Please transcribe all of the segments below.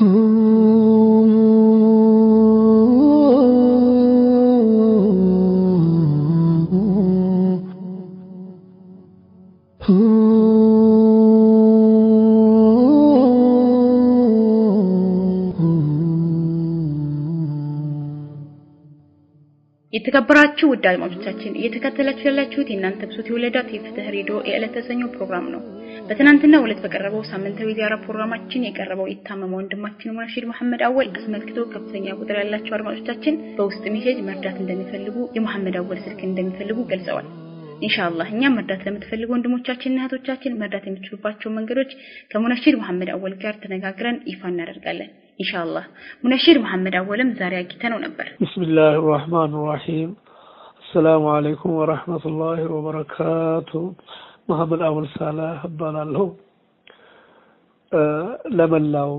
Ooh. የተከበራችሁ ውድ አድማጮቻችን እየተከተላችሁ ያላችሁት የእናንተ ብሶት የወለዳት የፍትህ ሬዲዮ የዕለት ፕሮግራም ነው። በትናንትና ዕለት በቀረበው ሳምንታዊ ዚያራ ፕሮግራማችን የቀረበው የታመመ ወንድማችን ሙናሽድ መሐመድ አወል አስመልክቶ ከፍተኛ ቁጥር ያላቸው አድማጮቻችን በውስጥ ሜሴጅ መርዳት እንደሚፈልጉ የመሐመድ አወል ስልክ እንደሚፈልጉ ገልጸዋል። ኢንሻአላህ እኛም መርዳት ለምትፈልጉ እና እህቶቻችን መርዳት የሚችሉባቸው መንገዶች ከሙናሽድ መሐመድ አወል ጋር ተነጋግረን ይፋ እናደርጋለን። ኢንሻአላህ ሙነሺር መሐመድ አወለም ዛሬ አግኝተነው ነበር። ቢስሚላሂ ራህማን ራሂም። አሰላሙ አለይኩም ወራህመቱላሂ ወበረካቱ። መሐመድ አወል ሳላህ እባላለሁ። ለመላው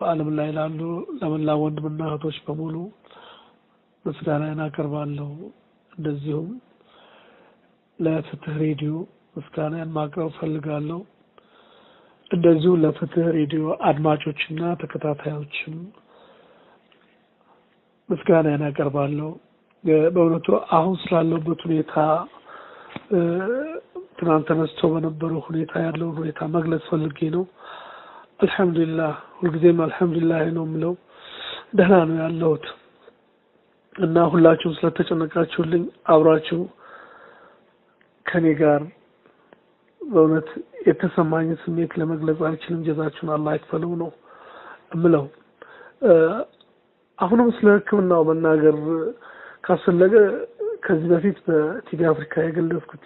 በዓለም ላይ ላሉ ለመላው ወንድምና እህቶች በሙሉ ምስጋና አቀርባለሁ። እንደዚሁም ለፍትህ ሬዲዮ ምስጋናዬን ማቅረብ ፈልጋለሁ። እንደዚሁ ለፍትህ ሬዲዮ አድማጮችና ተከታታዮችም ምስጋና ያቀርባለሁ። በእውነቱ አሁን ስላለበት ሁኔታ ትናንት ተነስቶ በነበረው ሁኔታ ያለውን ሁኔታ መግለጽ ፈልጌ ነው። አልሐምዱሊላህ ሁልጊዜም አልሐምዱሊላህ ነው የምለው። ደህና ነው ያለሁት እና ሁላችሁም ስለተጨነቃችሁልኝ አብራችሁ ከኔ ጋር በእውነት የተሰማኝ ስሜት ለመግለጽ አልችልም። ጀዛችሁን አላህ ይክፈለው ነው እምለው። አሁንም ስለ ሕክምናው መናገር ካስፈለገ ከዚህ በፊት በቲቪ አፍሪካ የገለጽኩት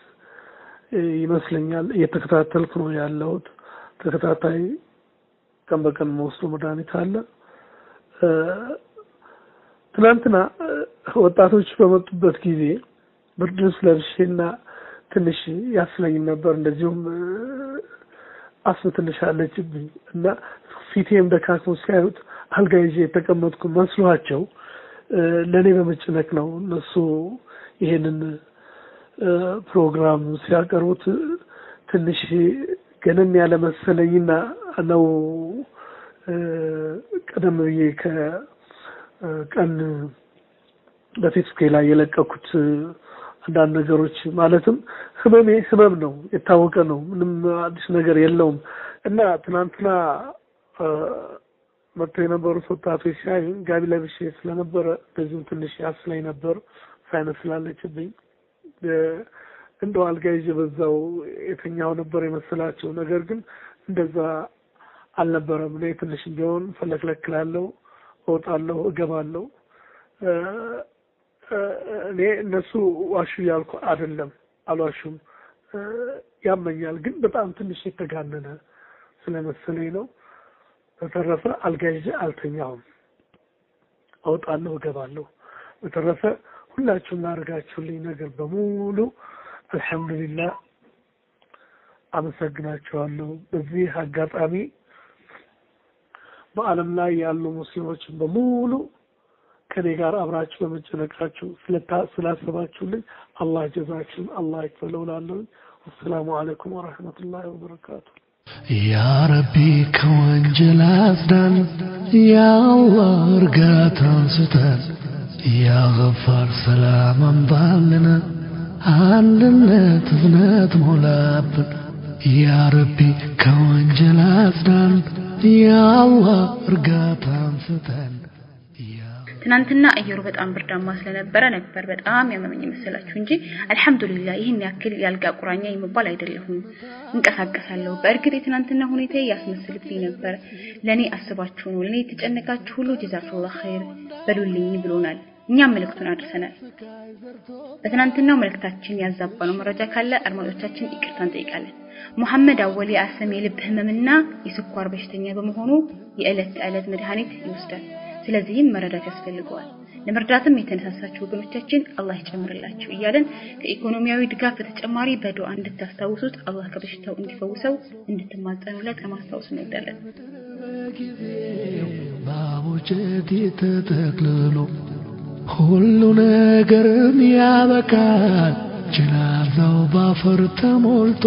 ይመስለኛል። እየተከታተልኩ ነው ያለሁት። ተከታታይ ቀን በቀን መወስዶ መድኃኒት አለ። ትናንትና ወጣቶች በመጡበት ጊዜ ብርድ ልብስ ለብሼና ትንሽ ያስለኝም ነበር። እንደዚሁም አስም ትንሽ አለችብኝ እና ፊቴም ደካክሞ ሲያዩት አልጋ ይዤ የተቀመጥኩ መስሏቸው ለእኔ በመጨነቅ ነው እነሱ ይሄንን ፕሮግራም ሲያቀርቡት ትንሽ ገነም ያለ መሰለኝና ነው ቀደም ብዬ ከቀን በፌስቡክ ላይ የለቀኩት አንዳንድ ነገሮች ማለትም ህመሜ ህመም ነው፣ የታወቀ ነው፣ ምንም አዲስ ነገር የለውም እና ትናንትና መጥተው የነበሩት ወጣቶች ሲያዩ ጋቢ ለብሼ ስለነበረ እንደዚሁም ትንሽ ላይ ነበር፣ ሳይነት ስላለችብኝ እንደው አልጋ ይዤ በዛው የተኛው ነበር የመሰላቸው። ነገር ግን እንደዛ አልነበረም። እኔ ትንሽ እንዲሆን ፈለክለክላለሁ፣ እወጣለሁ፣ እገባለሁ እኔ እነሱ ዋሹ ያልኩ አይደለም፣ አልዋሹም። ያመኛል፣ ግን በጣም ትንሽ የተጋነነ ስለመሰለኝ ነው። በተረፈ አልጋይዤ አልተኛሁም። አውጣለሁ፣ እገባለሁ። በተረፈ ሁላችሁም ላደርጋችሁልኝ ነገር በሙሉ አልሐምዱሊላህ አመሰግናችኋለሁ። በዚህ አጋጣሚ በዓለም ላይ ያሉ ሙስሊሞችን በሙሉ ከኔ ጋር አብራችሁ በመጨነቃችሁ ስላሰባችሁልኝ አላህ ጀዛችን አላህ ይክፈለው እላለሁኝ። ወሰላሙ አለይኩም ወረህመቱላሂ ወበረካቱ። ያ ረቢ ከወንጀል አጽዳን፣ ያ አላህ እርጋታን ስጠን፣ ያ ገፋር ሰላም አምጣልን፣ አንድነት እዝነት ሞላብን። ያ ረቢ ከወንጀል አጽዳን፣ ያ አላህ እርጋታን ያ ገፋር ሰላም አምጣልን አንድነት እዝነት ሞላብን ያ ረቢ ከወንጀል አጽዳን ያ አላህ እርጋታን ትናንትና አየሩ በጣም ብርዳማ ስለነበረ ነበር በጣም ያመመኝ መሰላችሁ እንጂ አልহামዱሊላህ ይህን ያክል ያልጋ ቁራኛ የመባል አይደለሁም እንቀሳቀሳለሁ በእርግጥ የትናንትና ሁኔታ ያስመስልብኝ ነበር ለኔ አስባችሁ ነው ለኔ የተጨነቃችሁ ሁሉ ጀዛኩላህ ኸይር በሉልኝ ብሎናል እኛም መልእክቱን አድርሰናል በትናንትናው መልእክታችን ያዛባነው መረጃ ካለ አድማጮቻችን ይቅርታን እንጠይቃለን ሙሐመድ አወሌ የአሰም የልብ ህመምና የስኳር በሽተኛ በመሆኑ የዕለት ተዕለት መድኃኒት ይወስዳል ስለዚህም መረዳት ያስፈልገዋል። ለመርዳትም የተነሳሳችሁ ወገኖቻችን አላህ ይጨምርላችሁ እያለን ከኢኮኖሚያዊ ድጋፍ በተጨማሪ በዱዓ እንድታስታውሱት አላህ ከበሽታው እንዲፈውሰው እንድትማጸኑለት ለማስታወስ እንወዳለን። ባቡጀት ሁሉ ነገርም ያበቃል። ጅናዛው ባፈር ተሞልቶ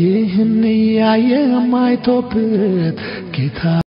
ይህን እያየ ማይቶበት ጌታ